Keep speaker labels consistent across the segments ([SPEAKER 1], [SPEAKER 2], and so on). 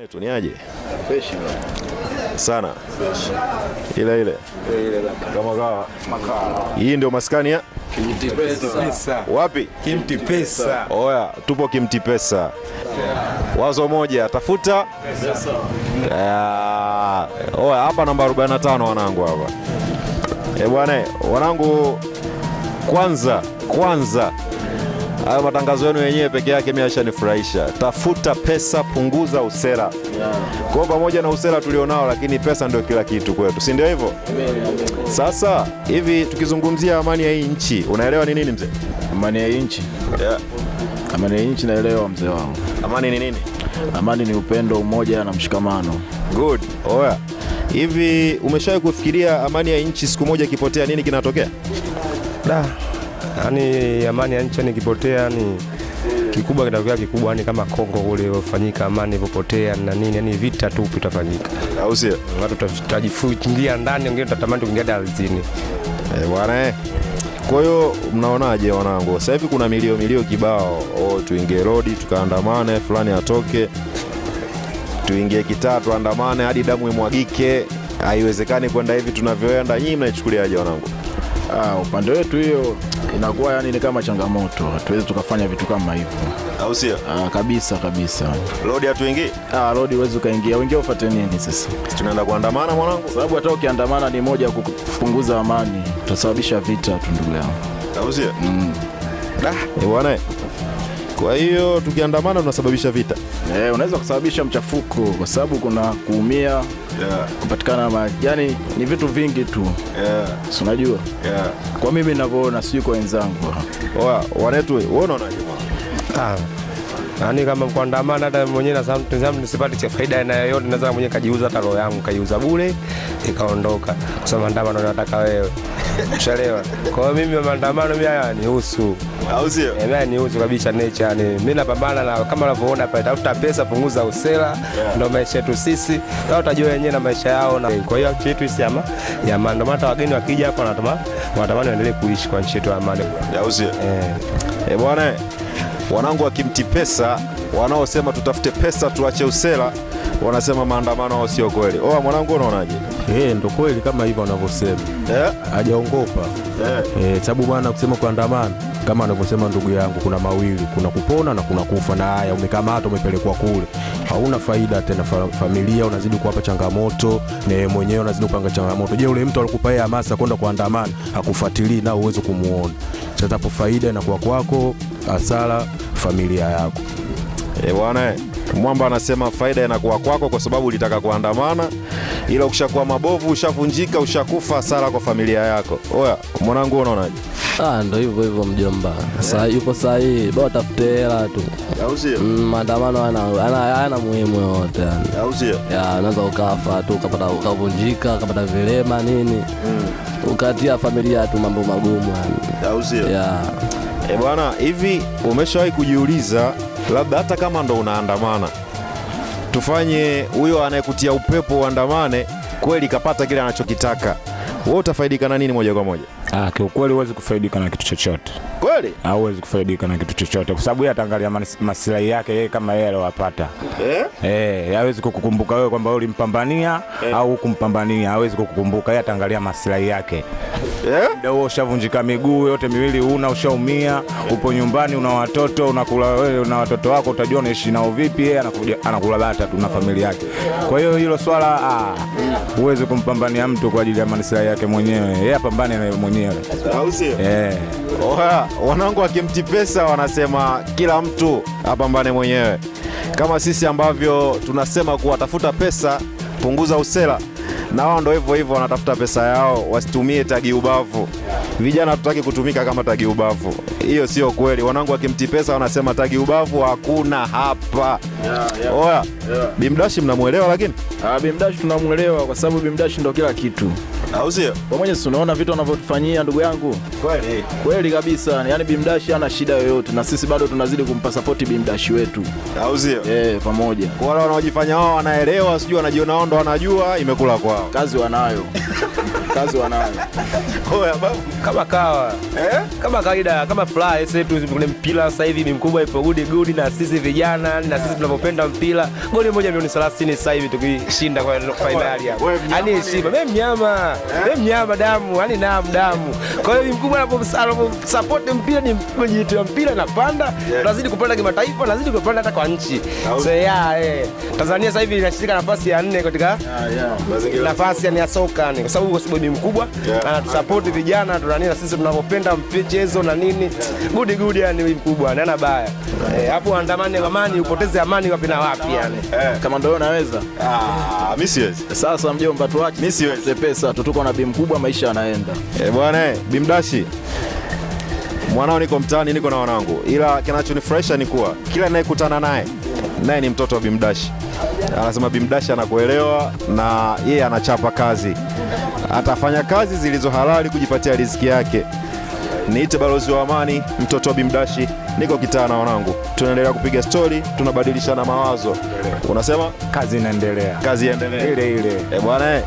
[SPEAKER 1] Netu ni aje? Fresh sana. Fresh. Ile ile. Ile kama kawa. Hii ndio maskani ya
[SPEAKER 2] Kimti Pesa. Wapi? Kimti Pesa.
[SPEAKER 1] Oya, tupo Kimti Pesa. Wazo moja, tafuta
[SPEAKER 2] pesa.
[SPEAKER 1] Ah, oya hapa namba 45 wanangu hapa. Eh, bwana, wanangu kwanza, kwanza Hayo matangazo yenu yenyewe peke yake mimi ashanifurahisha. Tafuta pesa, punguza usera. Kwa pamoja na usera tulionao, lakini pesa ndio kila kitu kwetu, si ndio hivyo? Sasa hivi tukizungumzia amani ya hii nchi, unaelewa ni nini mzee?
[SPEAKER 2] Amani ya nchi, yeah. Amani ya nchi naelewa mzee wangu. Amani ni nini? Amani ni upendo, umoja na mshikamano.
[SPEAKER 1] Good. Oya, hivi umeshawahi kufikiria amani ya nchi siku moja ikipotea, nini kinatokea?
[SPEAKER 2] Da yani amani ya nchi nikipotea ni kikubwa kitatokea kikubwa, yani kama Kongo kule ufanyika amani ipopotea na nini, yani vita tu vitafanyika, au sio? Watu tutajifungia ndani, wengine tutatamani kuingia darzini
[SPEAKER 1] Eh bwana. Eh. Kwa hiyo mnaonaje wanangu, sasa hivi kuna milio milio kibao, oh, tuingie rodi tukaandamane, fulani atoke, tuingie kitaa tuandamane hadi damu imwagike. Haiwezekani kwenda hivi tunavyoenda. Nyinyi mnaichukuliaje wanangu?
[SPEAKER 2] Ah, upande wetu hiyo inakuwa yani ni kama changamoto, hatuwezi tukafanya vitu kama hivyo, au sio? Ah, kabisa kabisa.
[SPEAKER 1] Lodi hatuingii?
[SPEAKER 2] Ah, lodi huwezi ukaingia, Wengi ufuate nini sasa?
[SPEAKER 1] Tunaenda kuandamana mwanangu,
[SPEAKER 2] sababu hata ukiandamana ni moja ya kupunguza amani, utasababisha vita tu ndugu yangu, au sio? Mm.
[SPEAKER 1] Da, eh, bwana kwa hiyo tukiandamana tunasababisha vita
[SPEAKER 2] eh, unaweza kusababisha mchafuko kwa sababu kuna kuumia yeah. Kupatikana yani ni vitu vingi tu yeah. unajua yeah. Kwa mimi ninavyoona, siu kwa wenzangu
[SPEAKER 1] wanetu, wewe unaonaje?
[SPEAKER 2] Ah, yaani kama kuandamana hata mwenyewe na samtu something nisipati cha faida na yoyote, naweza mwenyewe kajiuza hata yangu kaiuza bure ikaondoka, kwa sababu andamana nataka wewe Ushalewa. Kwa hiyo mimi maandamano mimi haya nihusu. Au sio? Eh, mimi yaani nihusu kabisa nature. Yani mimi napambana na kama unavyoona pale tafuta pesa, punguza usela. Yeah. Ndio maisha yetu sisi. Na utajua wenyewe na maisha yao na kwa hiyo nchi yetu isi ama ya maandamano hata wageni wakija hapa wanatama wanatamani waendelee kuishi kwa nchi yetu ya amani. Au sio? Eh.
[SPEAKER 1] Eh, bwana wanangu wakimti pesa wanaosema tutafute pesa tuache usela wanasema maandamano sio kweli. Oa oh, mwanangu, unaonaje?
[SPEAKER 2] Hey, eh, ndo kweli kama hivyo wanavyosema, eh? hajaongopa yeah. Hey, eh, sababu bwana kusema kuandamana kama anavyosema ndugu yangu, kuna mawili, kuna kupona na kuna kufa. Na haya, umekamata umepelekwa kule, hauna faida tena. Familia unazidi kuwapa changamoto na mwenyewe unazidi kupanga changamoto. Je, ule mtu alikupa yeye hamasa kwenda kuandamana, hakufuatilii na uwezo kumuona? Sasa hapo faida inakuwa kwako, hasara familia yako.
[SPEAKER 1] Eh bwana Mwamba anasema faida inakuwa kwako kwa sababu ulitaka kuandamana, ila ukishakuwa mabovu, ushavunjika, ushakufa, hasara kwa familia yako. Oya mwanangu, unaonaje?
[SPEAKER 2] Ah, ndo hivyo hivyo mjomba. Sasa eh. yupo saa hii bora tafute hela tu, sio? Mm, maandamano ana muhimu yote, sio? Unaweza ukafa tu ukapata ukavunjika ukapata vilema nini, mm. ukatia familia tu mambo magumu,
[SPEAKER 1] au sio? E bwana, hivi umeshawahi kujiuliza labda hata kama ndo unaandamana, tufanye huyo anayekutia upepo uandamane kweli, kapata kile anachokitaka. Wewe utafaidika na nini moja kwa moja?
[SPEAKER 2] Ah, kiukweli huwezi kufaidika na kitu chochote. Kweli? Ah, huwezi kufaidika na kitu chochote kwa sababu yeye ataangalia masilahi yake yeye kama yeye aliyopata. Eh? Eh, hawezi kukukumbuka wewe kwamba wewe ulimpambania eh, au hukumpambania. Hawezi kukukumbuka, yeye ataangalia masilahi yake. Eh? Ndio wewe ushavunjika miguu yote miwili, una ushaumia, upo nyumbani una watoto, unakula wewe na watoto wako, utajua unaishi nao vipi? Yeye anakuja anakula bata tu na familia yake. Kwa hiyo hilo swala ah, huwezi kumpambania mtu kwa ajili ya masilahi yake mwenyewe. Yeye apambane na mwenyewe mwenyewe au sio? Eh.
[SPEAKER 1] wanangu akimti pesa wanasema kila mtu apambane mwenyewe, kama sisi ambavyo tunasema kuwa tafuta pesa, punguza usela na wao ndo hivyo hivyo wanatafuta pesa yao, wasitumie tagi ubavu. Vijana hatutaki kutumika kama tagi ubavu, hiyo sio kweli. Wanangu wakimti pesa wanasema tagi ubavu hakuna hapa. yeah, yeah, oya yeah. Bimdashi mnamwelewa lakini?
[SPEAKER 2] Ah, Bimdashi tunamwelewa kwa sababu Bimdashi ndo kila kitu, au sio? Pamoja si unaona vitu wanavyotufanyia ndugu yangu, kweli kweli kabisa. Yani Bimdash ana shida yoyote, na sisi bado tunazidi kumpa support Bimdash wetu, au sio? Eh, pamoja
[SPEAKER 1] kwa wale wanaojifanya wao wanaelewa, sijui wanajiona wao ndo wanajua, imekula kwao.
[SPEAKER 2] Kazi wanayo kazi wanayo. Oya babu, kama kawa eh? kama kawaida, kama fly setu ule mpira sasa hivi ni mkubwa, ipo good good, na sisi vijana na sisi tunapopenda mpira, goli moja milioni 30 sasa hivi tukishinda kwa finali hapo, yani heshima. Mimi mnyama mimi yaani eh? mnyama damu, yani damu damu. Kwa hiyo mkubwa anapo support mpira ni kwenye mjiti ya mpira napanda, tunazidi kupanda kimataifa, lazidi kupanda hata kwa nchi. So yeah, eh. Tanzania sasa hivi inashika nafasi ya 4 katika
[SPEAKER 1] ah, yeah, yeah
[SPEAKER 2] nafasi ya soka ni kwa sababu kwa sababu ni mkubwa yeah. na Anatusapoti vijana na sisi tunapopenda mchezo na nini good good yani mkubwa nana baya eh, hapo, e, andamani amani, upoteze amani wapi na wapi yani
[SPEAKER 1] yeah. Kama ndio unaweza
[SPEAKER 2] ah, mimi siwezi sasa, mjomba tuache, mimi siwezi pesa tu, tuko na bi mkubwa, maisha yanaenda
[SPEAKER 1] eh bwana, eh, bimdashi mwanao niko mtaani, niko na wanangu, ila kinachonifurahisha ni kuwa kila ninayekutana naye naye ni mtoto wa Bimdashi anasema Bimdashi anakuelewa na yeye anachapa kazi, atafanya kazi zilizo halali kujipatia riziki yake. Niite balozi wa amani, mtoto wa Bimdashi, niko kitaa na wanangu, tunaendelea kupiga stori, tunabadilishana mawazo. Unasema
[SPEAKER 2] kazi inaendelea,
[SPEAKER 1] kazi iendelee ile ile. Eh bwana, eh.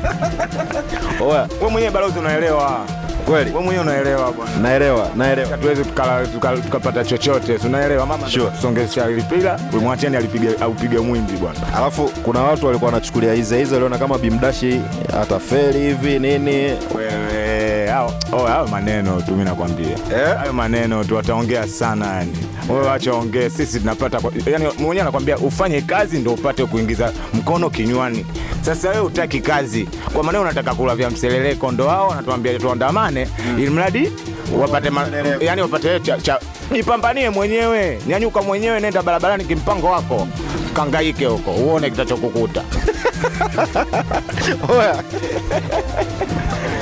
[SPEAKER 1] wewe
[SPEAKER 2] mwenyewe balozi unaelewa Kweli wewe mwenyewe unaelewa bwana.
[SPEAKER 1] Naelewa, naelewa.
[SPEAKER 2] Hatuwezi tukapata chochote. Tunaelewa mama sure. Songesha lipira, umwacheni alipiga au piga mwimbi bwana.
[SPEAKER 1] Alafu kuna watu walikuwa wanachukulia hizo hizo, waliona kama Bimdashi atafeli hivi nini.
[SPEAKER 2] Wewe yao oh, hayo maneno tu, mimi nakwambia eh? hayo maneno tu wataongea sana yani. Wewe acha ongee, sisi tunapata kwa... yani mwenyewe anakwambia ufanye kazi ndio upate kuingiza mkono kinywani. Sasa wewe utaki kazi kwa maana unataka kula vya mseleleko, ndo hao wanatuambia tuandamane, mm, ili mradi wapate ma... yani wapate cha, cha... jipambanie mwenyewe, nyanyuka mwenyewe, nenda barabarani kimpango wako, kangaike huko uone kitachokukuta.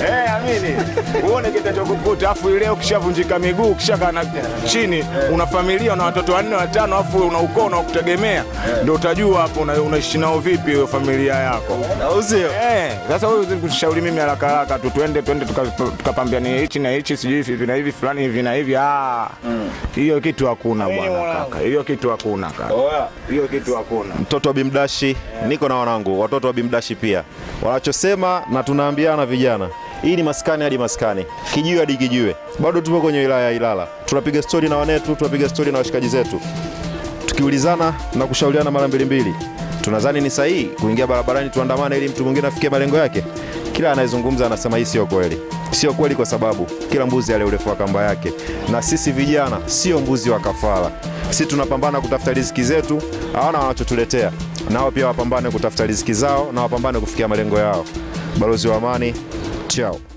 [SPEAKER 2] Eh, amini. Uone kitachokukuta afu ile ukishavunjika miguu, ukishakaa chini, una familia una watoto wanne watano, afu una ukoo na kutegemea, ndio utajua hapo unaishi nao vipi hiyo familia yako. Au sio? Eh, sasa wewe unanishauri mimi haraka haraka tu twende twende tukapambiane hichi na hichi sijui hivi na hivi fulani hivi na hivi. Ah. Mm. Hiyo kitu hakuna bwana kaka. Hiyo kitu hakuna kaka. Oh, hiyo kitu hakuna.
[SPEAKER 1] Mtoto wa Bimdashi, eh. niko na wanangu, watoto wa Bimdashi pia. Wanachosema na tunaambiana vijana hii ni maskani hadi maskani, kijiwe hadi kijiwe. Bado tupo kwenye wilaya ya Ilala, tunapiga stori na wanetu, tunapiga stori na washikaji zetu, tukiulizana na kushauriana mara mbili mbili. Tunadhani ni sahihi kuingia barabarani tuandamane ili mtu mwingine afikie malengo yake? Kila anayezungumza anasema hii sio kweli. Sio kweli kwa sababu kila mbuzi ale urefu wa kamba yake, na sisi vijana sio mbuzi wa kafara. Sisi tunapambana kutafuta riziki zetu, hawana wanachotuletea, nao pia wapambane kutafuta riziki zao na wapambane kufikia malengo yao. Balozi wa amani c Joe。